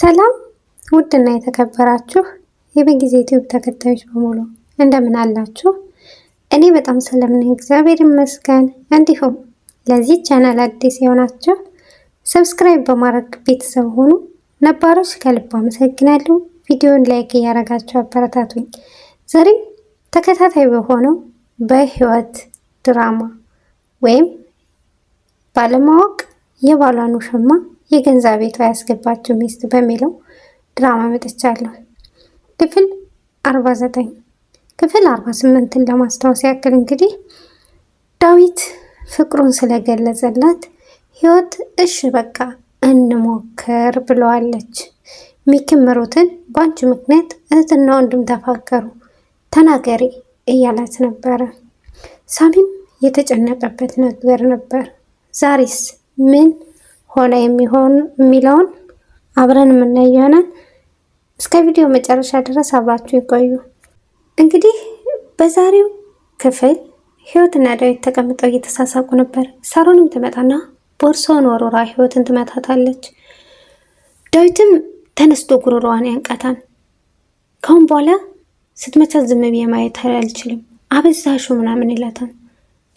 ሰላም ውድና የተከበራችሁ የበጊዜ ዩቲዩብ ተከታዮች በሙሉ እንደምን አላችሁ? እኔ በጣም ሰላም ነኝ፣ እግዚአብሔር ይመስገን። እንዲሁም ለዚህ ቻናል አዲስ የሆናችሁ ሰብስክራይብ በማድረግ ቤተሰብ ሆኑ። ነባሮች ከልብ አመሰግናለሁ። ቪዲዮን ላይክ እያደረጋችሁ አበረታቱኝ። ዛሬም ተከታታይ በሆነው በህይወት ድራማ ወይም ባለማወቅ የባሏን ውሽማ የገንዛ ቤቷ ያስገባችው ሚስት በሚለው ድራማ መጥቻለሁ። ክፍል 49 ክፍል አርባ ስምንትን ለማስታወስ ያክል እንግዲህ ዳዊት ፍቅሩን ስለገለጸላት ህይወት እሽ በቃ እንሞክር ብለዋለች። የሚከምሩትን በአንቺ ምክንያት እህትና ወንድም ተፋከሩ ተናገሪ እያላት ነበረ። ሳሚም የተጨነቀበት ነገር ነበር። ዛሬስ ምን ሆነ የሚሆን የሚለውን አብረን የምናይ ይሆናል። እስከ ቪዲዮ መጨረሻ ድረስ አብራችሁ ይቆዩ። እንግዲህ በዛሬው ክፍል ህይወትና ዳዊት ተቀምጠው እየተሳሳቁ ነበር። ሳሮንም ትመጣና ቦርሳውን ወሮራ ህይወትን ትመታታለች። ዳዊትም ተነስቶ ጉሮሮዋን ያንቃታል። ከሁን በኋላ ስትመቻት ዝም ብዬ ማየት አልችልም፣ አበዛሹ ምናምን ይላታል።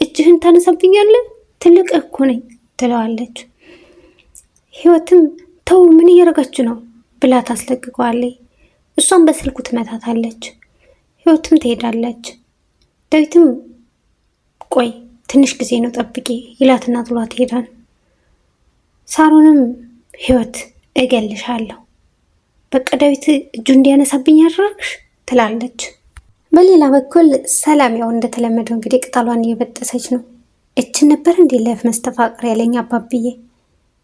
እጅህን ታነሳብኛለህ፣ ትልቅ እኮ ነኝ ትለዋለች። ህይወትም ተው ምን እያደረጋችሁ ነው ብላ ታስለቅቀዋለች። እሷም በስልኩ ትመታታለች። ህይወትም ትሄዳለች። ዳዊትም ቆይ ትንሽ ጊዜ ነው ጠብቂ ይላትና ጥሏት ይሄዳል። ሳሮንም ህይወት እገልሻለሁ፣ በቃ ዳዊት እጁ እንዲያነሳብኝ ያደረግሽ ትላለች። በሌላ በኩል ሰላም ያው እንደተለመደው እንግዲህ ቅጠሏን እየበጠሰች ነው። እችን ነበር እንዲህ ለፍ መስተፋቅር ያለኝ አባብዬ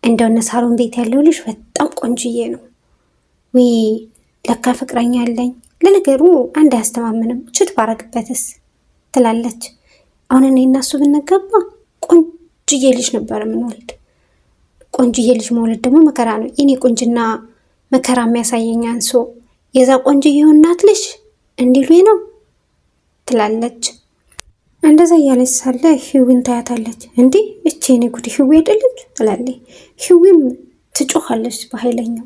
እንደው እነ ሳሮን ቤት ያለው ልጅ በጣም ቆንጅዬ ነው። ውይ ለካ ፍቅረኛ አለኝ። ለነገሩ አንድ አያስተማምንም፣ ችት ባረግበትስ ትላለች። አሁን እኔ እና እሱ ብንጋባ ቆንጅዬ ልጅ ነበር የምንወልድ። ቆንጅዬ ልጅ መውለድ ደግሞ መከራ ነው። የኔ ቁንጅና መከራ የሚያሳየኝ አንሶ የዛ ቆንጅዬው እናት ልጅ እንዲሉ ነው ትላለች። እንደዛ እያለች ሳለ ህዊን ታያታለች። እንዲህ እቼ እኔ ጉድ ህዊ አይደለች ትላለች። ህዊም ትጮሃለች በኃይለኛው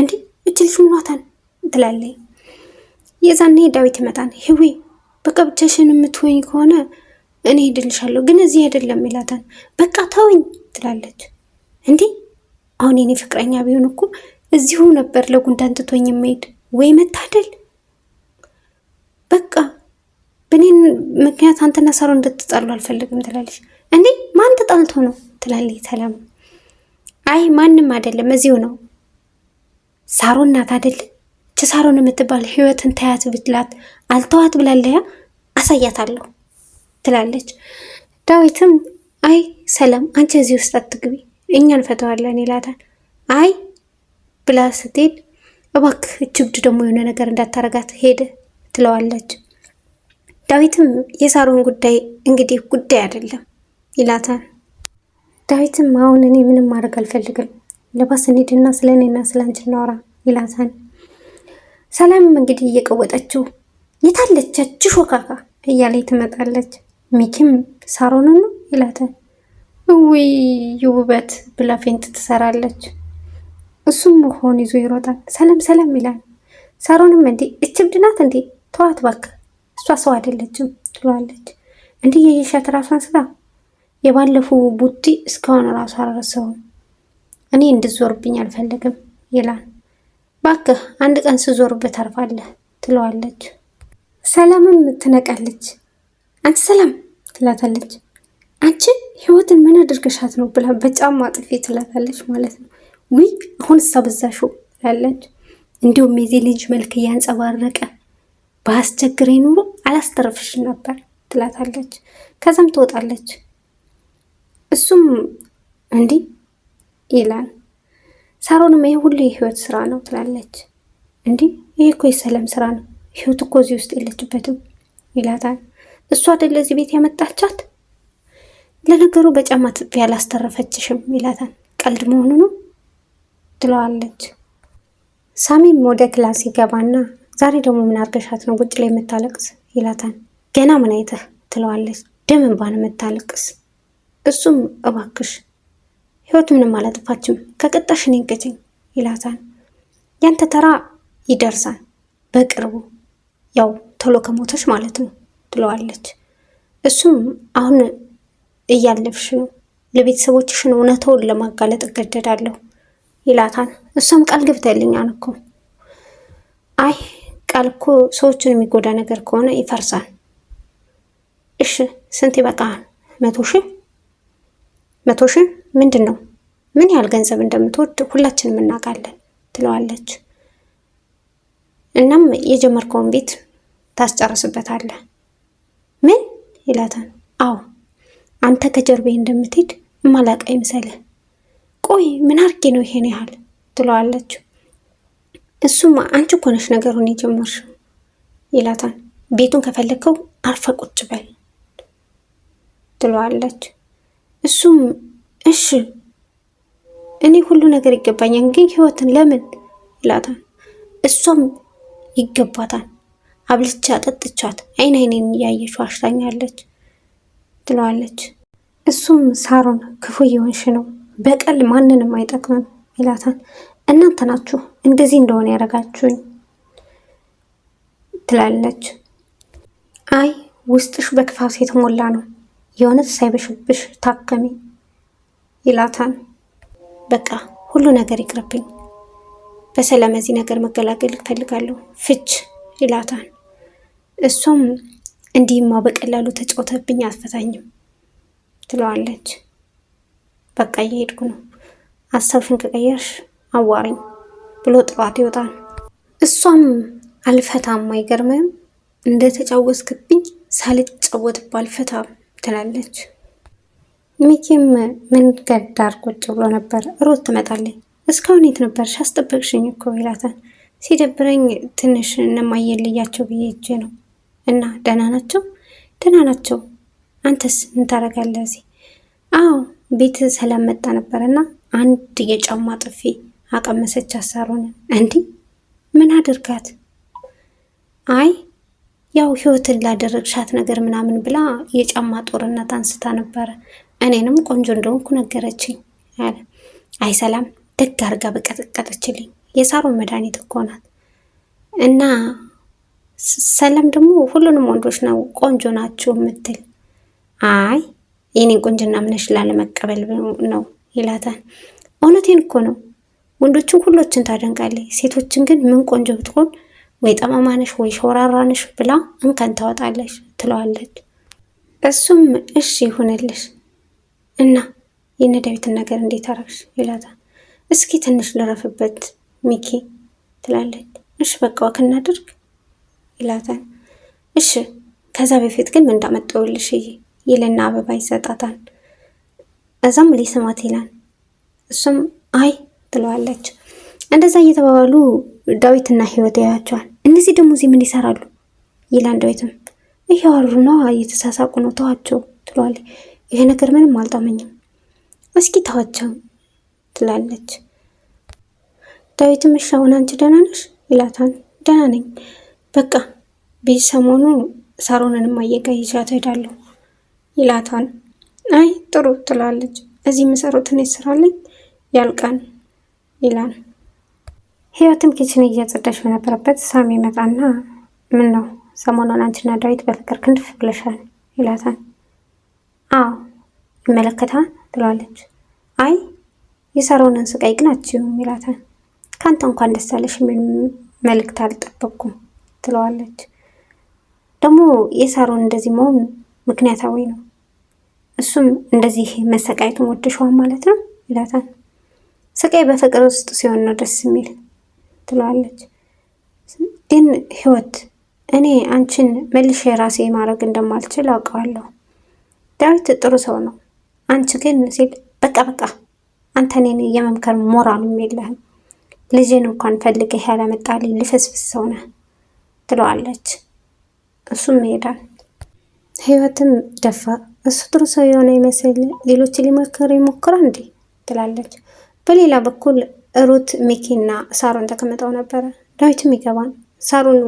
እንዲህ እች ልጅ ምኗታን ትላለች። የዛኔ ዳዊት ይመጣል። ህዊ በቃ ብቻሽን የምትሆኝ ከሆነ እኔ ሄድልሻለሁ፣ ግን እዚህ አይደለም ይላታል። በቃ ተወኝ ትላለች። እንዲህ አሁን የኔ ፍቅረኛ ቢሆን እኮ እዚሁ ነበር ለጉንዳን ትቶኝ የማሄድ ወይ መታደል በቃ በእኔ ምክንያት አንተና ሳሮ እንድትጣሉ አልፈልግም ትላለች። እንዴ ማን ተጣልቶ ነው ትላለች ሰላም። አይ ማንም አይደለም እዚሁ ነው ሳሮ እናት አደል እች ሳሮን የምትባል ህይወትን ተያት ብትላት አልተዋት ብላለያ አሳያታለሁ ትላለች። ዳዊትም አይ ሰላም አንቺ እዚህ ውስጥ አትግቢ እኛ እንፈተዋለን ይላታል። አይ ብላ ስትሄድ እባክህ እች እብድ ደግሞ የሆነ ነገር እንዳታረጋት ሄደ ትለዋለች። ዳዊትም የሳሮን ጉዳይ እንግዲህ ጉዳይ አይደለም ይላታል። ዳዊትም አሁን እኔ ምንም ማድረግ አልፈልግም፣ ለባስ እንሂድና ስለ እኔና ስለ አንቺ እናወራ ይላታል። ሰላምም እንግዲህ እየቀወጠችው የታለቻች ሾካካ እያለ ትመጣለች። ሚኪም ሳሮን ነው ይላታል። እውይ ውበት ብላ ፌንት ትሰራለች። እሱም መሆን ይዞ ይሮጣል። ሰላም ሰላም ይላል። ሳሮንም እንዴ እችብድናት እንዴ ተዋት ባክ እሷ ሰው አይደለችም ትለዋለች። እንዲህ የየሻት ራሷን ስታ የባለፈው ቡጢ እስካሁን ራሱ አረሰው እኔ እንድዞርብኝ አልፈልግም ይላል። ባክህ አንድ ቀን ስዞርበት አርፋለህ ትለዋለች። ሰላምም ትነቃለች። አንቺ ሰላም ትላታለች። አንቺ ህይወትን ምን አድርገሻት ነው ብላ በጫማ ጥፊ ትላታለች ማለት ነው። ውይ አሁን እሳ በዛሽው ትላለች። እንዲሁም የዚህ ልጅ መልክ እያንጸባረቀ በአስቸግረኝ ኑሮ አላስተረፍሽ ነበር ትላታለች። ከዛም ትወጣለች። እሱም እንዲህ ይላል። ሳሮንም ይሄ ሁሉ የህይወት ስራ ነው ትላለች። እንዲህ ይሄ እኮ የሰላም ስራ ነው፣ ህይወት እኮ እዚህ ውስጥ የለችበትም ይላታል። እሱ አይደለ እዚህ ቤት ያመጣቻት? ለነገሩ በጫማ ጥፊ ያላስተረፈችሽም ይላታል። ቀልድ መሆኑ ነው ትለዋለች። ሳሚም ወደ ክላስ ይገባና ዛሬ ደግሞ ምን አርገሻት ነው ውጭ ላይ የምታለቅስ ይላታል። ገና ምን አይተህ ትለዋለች። ደም እንባን የምታለቅስ እሱም እባክሽ ህይወት ምንም አላጥፋችም ከቀጣሽ እኔን ቅጭኝ ይላታል። ያንተ ተራ ይደርሳል በቅርቡ ያው ቶሎ ከሞተች ማለት ነው ትለዋለች። እሱም አሁን እያለፍሽ ነው ለቤተሰቦችሽን እውነታውን ለማጋለጥ እገደዳለሁ ይላታል። እሷም ቃል ገብተልኛል እኮ አይ ቃል እኮ ሰዎችን የሚጎዳ ነገር ከሆነ ይፈርሳል። እሺ ስንት ይበቃል? መቶ ሺህ መቶ ሺህ ምንድን ነው? ምን ያህል ገንዘብ እንደምትወድ ሁላችንም እናውቃለን ትለዋለች። እናም የጀመርከውን ቤት ታስጨርስበታለህ። ምን ይላታል። አዎ አንተ ከጀርቤ እንደምትሄድ እማላውቅ አይምሰልህ። ቆይ ምን አድርጌ ነው ይሄን ያህል ትለዋለች። እሱማ አንቺ እኮ ነሽ ነገሩን የጀመርሽው ይላታል። ቤቱን ከፈለግከው አርፈ ቁጭ በል ትለዋለች። እሱም እሺ እኔ ሁሉ ነገር ይገባኛል፣ ግን ህይወትን ለምን ይላታል። እሷም ይገባታል፣ አብልቻ ጠጥቻት አይን አይኔን እያየች ዋሽታኛለች ትለዋለች። እሱም ሳሮን ክፉ እየሆንሽ ነው፣ በቀል ማንንም አይጠቅምም ይላታል። እናንተ ናችሁ እንደዚህ እንደሆነ ያደረጋችሁኝ ትላለች። አይ ውስጥሽ በክፋት የተሞላ ነው፣ የእውነት ሳይበሽብሽ ታከሚ ይላታል። በቃ ሁሉ ነገር ይቅርብኝ፣ በሰላም እዚህ ነገር መገላገል እፈልጋለሁ፣ ፍች ይላታል። እሷም እንዲህማ በቀላሉ ተጫውተብኝ አትፈታኝም ትለዋለች። በቃ እየሄድኩ ነው፣ ሀሳብሽን ከቀየርሽ አዋሪኝ ብሎ ጥሏት ይወጣል። እሷም አልፈታም አይገርምም እንደተጫወትክብኝ ሳልጫወትብ አልፈታም ትላለች። ሚኪም መንገድ ዳር ቁጭ ብሎ ነበር። ሮት ትመጣለች። እስካሁን የት ነበርሽ? አስጠበቅሽኝ እኮ ይላታል። ሲደብረኝ ትንሽ እነማየልያቸው ብዬ ሄጄ ነው። እና ደህና ናቸው? ደህና ናቸው። አንተስ ምን ታደርጋለህ እዚህ? አዎ ቤት ሰላም መጣ ነበር እና አንድ የጫማ ጥፌ አቀመሰች አሳሩንም። እንዲህ ምን አድርጋት? አይ ያው ህይወትን ላደረግሻት ነገር ምናምን ብላ የጫማ ጦርነት አንስታ ነበረ። እኔንም ቆንጆ እንደሆንኩ ነገረችኝ አለ። አይ ሰላም ደግ አርጋ በቀጠቀጠችልኝ። የሳሮን መድኃኒት እኮ ናት። እና ሰላም ደግሞ ሁሉንም ወንዶች ነው ቆንጆ ናችሁ የምትል። አይ የኔን ቁንጅና ምነሽ ላለመቀበል ነው ይላታል። እውነቴን እኮ ነው ወንዶችን ሁሎችን ታደንቃለች። ሴቶችን ግን ምን ቆንጆ ብትሆን ወይ ጠማማነሽ ወይ ሾራራነሽ ብላ እንከን ታወጣለች ትለዋለች። እሱም እሺ ይሁንልሽ እና ዳዊትን ነገር እንዴት አረግሽ ይላታል። እስኪ ትንሽ ልረፍበት ሚኪ ትላለች። እሺ በቃ ወክ እናድርግ ይላታል። እሺ ከዛ በፊት ግን ምን እይ ይልና አበባ ይሰጣታል። እዛም ሊስማት ይላል። እሱም አይ ትለዋለች። እንደዛ እየተባባሉ ዳዊትና ህይወት ያያቸዋል። እነዚህ ደግሞ እዚህ ምን ይሰራሉ ይላን ዳዊትም እያወሩ ነው እየተሳሳቁ ነው ተዋቸው ትለዋለች። ይሄ ነገር ምንም አልጣመኝም እስኪ ተዋቸው ትላለች። ዳዊትም እሺ አሁን አንቺ ደህና ነሽ ይላታል። ደህና ነኝ በቃ ቤት ሰሞኑ ሳሮንንም አየጋ ይዣት ሄዳለሁ ይላታል። አይ ጥሩ ትላለች። እዚህ የምሰሩትን ስራለኝ ያልቃን ይላል። ህይወትም ኪችን እያጸዳች በነበረበት ሳሚ ይመጣና ምን ነው ሰሞኑን አንቺና ዳዊት በፍቅር ክንድፍ ብለሻል ይላታል። አዎ ይመለከታ ትለዋለች። አይ የሰራውንን ስቃይ ግን አትችይውም ይላታል። ከአንተ እንኳን ደስ አለሽ ምን መልእክት አልጠበቅኩም ትለዋለች። ደግሞ የሳሮን እንደዚህ መሆን ምክንያታዊ ነው። እሱም እንደዚህ መሰቃየቱን ወድሸዋል ማለት ነው ይላታል። ስቃይ በፍቅር ውስጥ ሲሆን ነው ደስ የሚል ትለዋለች። ግን ህይወት እኔ አንቺን መልሼ ራሴ ማድረግ እንደማልችል አውቀዋለሁ። ዳዊት ጥሩ ሰው ነው፣ አንቺ ግን ሲል በቃ በቃ አንተ እኔን የመምከር ሞራልም የለህም። ልጅን እንኳን ፈልገህ ያላመጣልኝ ልፍስፍስ ሰው ነህ ትለዋለች። እሱም ይሄዳል። ህይወትም ደፋ እሱ ጥሩ ሰው የሆነ ይመስል ሌሎች ሊመክር ይሞክራ እንዴ ትላለች። በሌላ በኩል ሩት ሚኪና ሳሮን ተቀምጠው ነበረ። ዳዊትም ይገባል። ሳሮን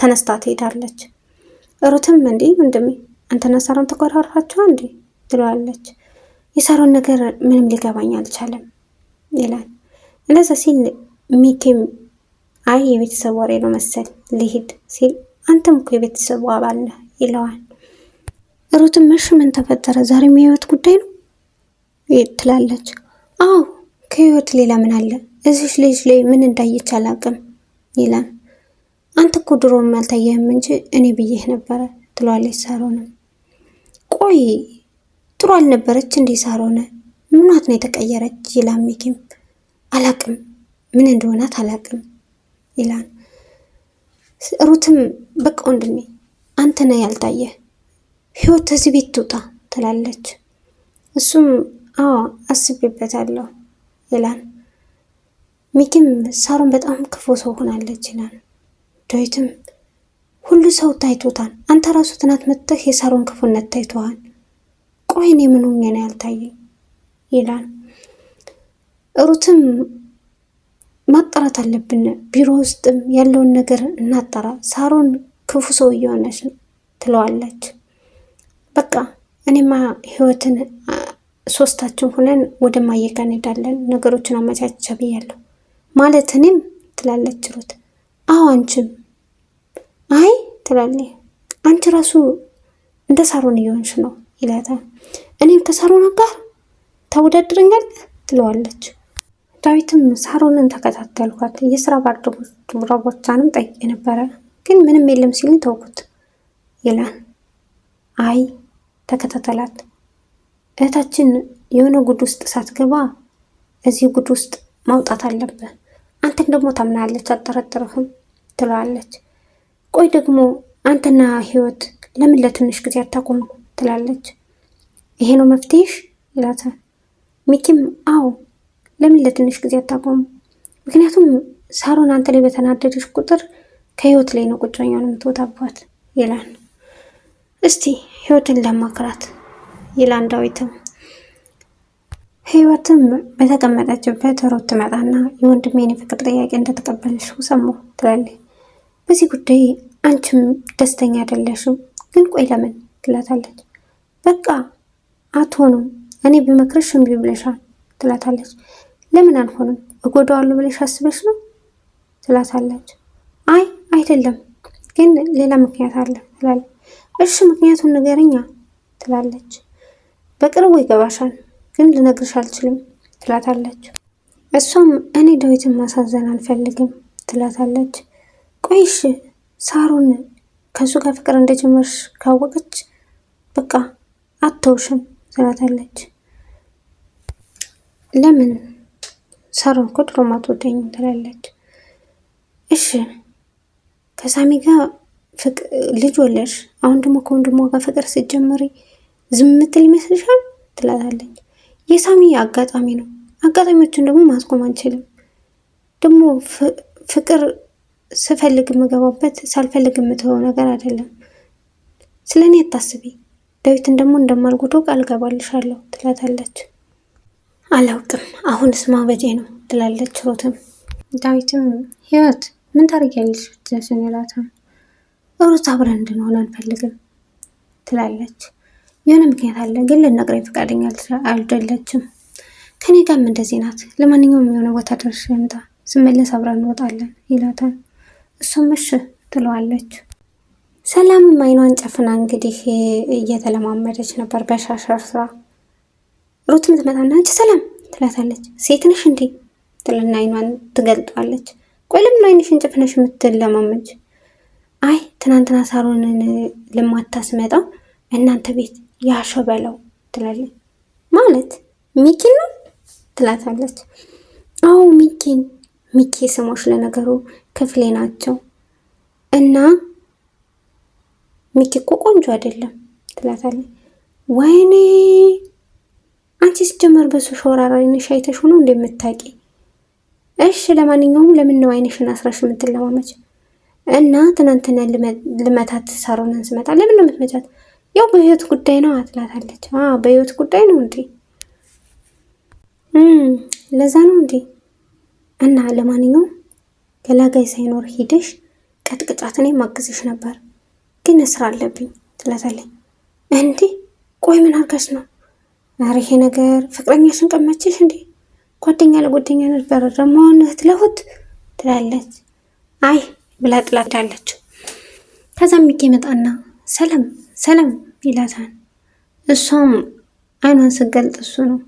ተነስታ ትሄዳለች። ሩትም እንዲህ ወንድሜ አንተና ሳሮን ተኮራራችሁ እንዴ ትለዋለች። የሳሮን ነገር ምንም ሊገባኝ አልቻለም ይላል። እንደዛ ሲል ሚኪም አይ የቤተሰብ ወሬ ነው መሰል ልሂድ ሲል አንተም እኮ የቤተሰቡ አባል ነህ ይለዋል። ሩትም እሺ ምን ተፈጠረ ዛሬ የህይወት ጉዳይ ነው ትላለች። አዎ ከህይወት ሌላ ምን አለ? እዚች ልጅ ላይ ምን እንዳየች አላውቅም ይላል። አንተ እኮ ድሮም አልታየህም እንጂ እኔ ብዬህ ነበረ ትለዋለች ሳሮንም። ቆይ ጥሩ አልነበረች እንዴ ሳሮነ? ምኗት ነው የተቀየረች? ይላል ሚኪም። አላቅም ምን እንደሆናት አላቅም ይላል። ሩትም በቃ ወንድሜ አንተ ነህ ያልታየህ፣ ህይወት እዚህ ቤት ትውጣ ትላለች። እሱም አዎ አስቤበታለሁ ይላል። ሚኪም ሳሮን በጣም ክፉ ሰው ሆናለች ይላል። ዳዊትም ሁሉ ሰው ታይቶታል፣ አንተ ራሱ ትናንት መጥተህ የሳሮን ክፉነት ታይተዋል። ቆይ እኔ ምን ሆኜ ነው ያልታየኝ ይላል። ሩትም ማጣራት አለብን፣ ቢሮ ውስጥም ያለውን ነገር እናጣራ፣ ሳሮን ክፉ ሰው እየሆነች ነው ትለዋለች። በቃ እኔማ ህይወትን ሶስታችን ሁነን ወደ ማየጋ እንሄዳለን። ነገሮችን አመቻቻ ብያለሁ ማለት እኔም ትላለች ሩት። አዎ አንቺም አይ ትላለ አንቺ ራሱ እንደ ሳሮን እየሆንሽ ነው ይላታል። እኔም ከሳሮን ጋር ተወዳድረኛል ትለዋለች። ዳዊትም ሳሮንን ተከታተልኳት የስራ ባልደረቦቿንም ጠይቄ ነበረ ግን ምንም የለም ሲሉኝ ተውኩት ይላል። አይ ተከታተላት እህታችን የሆነ ጉድ ውስጥ ሳትገባ እዚህ ጉድ ውስጥ ማውጣት አለብህ። አንተን ደግሞ ታምናለች፣ አጠረጥርህም ትለዋለች። ቆይ ደግሞ አንተና ህይወት ለምን ለትንሽ ጊዜ አታቆሙ ትላለች። ይሄ ነው መፍትሄሽ ይላታል። ሚኪም አዎ፣ ለምን ለትንሽ ጊዜ አታቆሙ? ምክንያቱም ሳሮን አንተ ላይ በተናደደች ቁጥር ከህይወት ላይ ነው ቁጫኛውን የምትወጣባት ይላል። እስቲ ህይወትን ለማክራት ይላል ዳዊትም። ህይወትም በተቀመጠችበት ሮት ትመጣና የወንድሜን የፍቅር ጥያቄ እንደተቀበልሽው ሰሙ ትላለች። በዚህ ጉዳይ አንቺም ደስተኛ አይደለሽም፣ ግን ቆይ ለምን ትላታለች። በቃ አትሆኑም፣ እኔ ብመክርሽ እምቢ ብለሻል ትላታለች። ለምን አልሆንም እጎዳዋለሁ ብለሽ አስበሽ ነው ትላታለች። አይ አይደለም፣ ግን ሌላ ምክንያት አለ ትላለች። እሺ ምክንያቱን ንገረኛ ትላለች። በቅርቡ ይገባሻል፣ ግን ልነግርሽ አልችልም ትላታለች። እሷም እኔ ዳዊትን ማሳዘን አልፈልግም ትላታለች። ቆይሽ ሳሩን ከእሱ ጋር ፍቅር እንደጀመርሽ ካወቀች በቃ አተውሽም ትላታለች። ለምን ሳሩን እኮ ድሮም አትወደኝም ትላለች። እሺ ከሳሚ ጋር ልጅ ወለሽ፣ አሁን ደግሞ ከወንድሟ ጋር ፍቅር ስትጀምሪ ዝም ምትል ይመስልሻል? ትላታለች። የሳሚ አጋጣሚ ነው። አጋጣሚዎችን ደግሞ ማስቆም አንችልም። ደግሞ ፍቅር ስፈልግ የምገባበት ሳልፈልግ የምትሆው ነገር አይደለም። ስለ እኔ አታስቢ፣ ዳዊትን ደግሞ እንደማልጎዶ ቃል ገባልሻለሁ ትላታለች። አላውቅም፣ አሁን ስማ ማበጄ ነው ትላለች ሮትም። ዳዊትም ህይወት ምን ታደርጊያለሽ ብትዘፍን ይላታል። ሩት አብረን እንድንሆን አንፈልግም ትላለች። የሆነ ምክንያት አለ፣ ግን ልነግረኝ ፈቃደኛ አልደለችም። ከኔ ጋርም እንደዚህ ናት። ለማንኛውም የሆነ ቦታ ደርሼ እምጣ፣ ስመለስ አብረን እንወጣለን ይላታል። እሱም እሺ ትለዋለች። ሰላምም አይኗን ጨፍና እንግዲህ እየተለማመደች ነበር በሻሻር ስራ። ሩት ምትመጣና አንቺ ሰላም ትላታለች። ሴት ነሽ እንዴ ትልና አይኗን ትገልጧለች። ቆይ አይነሽን አይንሽን ጨፍነሽ የምትለማመጅ? አይ ትናንትና ሳሮንን ልማታ ስመጣ እናንተ ቤት ያሸበለው ትላለች። ማለት ሚኪን ነው ትላታለች። አዎ ሚኪን ሚኪ ስሞች ለነገሩ ክፍሌ ናቸው እና ሚኪ እኮ ቆንጆ አይደለም ትላታለች። ወይኔ አንቺ ሲጀመር በሱ ሾራራ አይንሽ አይተሽ ሆኖ እንደምታውቂ እሺ፣ ለማንኛውም ለምን ነው አይንሽን አስራሽ የምትለማመች? እና ትናንትና ልመታት ሳሮንን ስመጣ ለምን ነው የምትመቻት? ያው በህይወት ጉዳይ ነው አትላታለች። በህይወት ጉዳይ ነው እንዴ? ለዛ ነው እንዴ? እና ለማንኛውም ገላጋይ ሳይኖር ሂደሽ ቀጥቅጫት፣ እኔ ማግዝሽ ነበር ግን ስራ አለብኝ ትላታለች። እንዴ ቆይ ምን አርጋሽ ነው? ኧረ ይሄ ነገር ፍቅረኛሽን ቀመችሽ እንዴ? ጓደኛ ለጓደኛ ነበር ደግሞ እህት ለእህት ትላለች። አይ ብላ ጥላታለች። ከዛም ሚኪ መጣና ሰላም ሰላም ይላታል። እሷም አይኗን ስገልጥ እሱ ነው።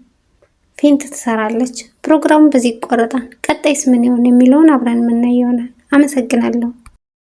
ፌንት ትሰራለች። ፕሮግራሙ በዚህ ይቆረጣል። ቀጣይስ ምን ይሆን የሚለውን አብረን የምናይ ይሆናል። አመሰግናለሁ።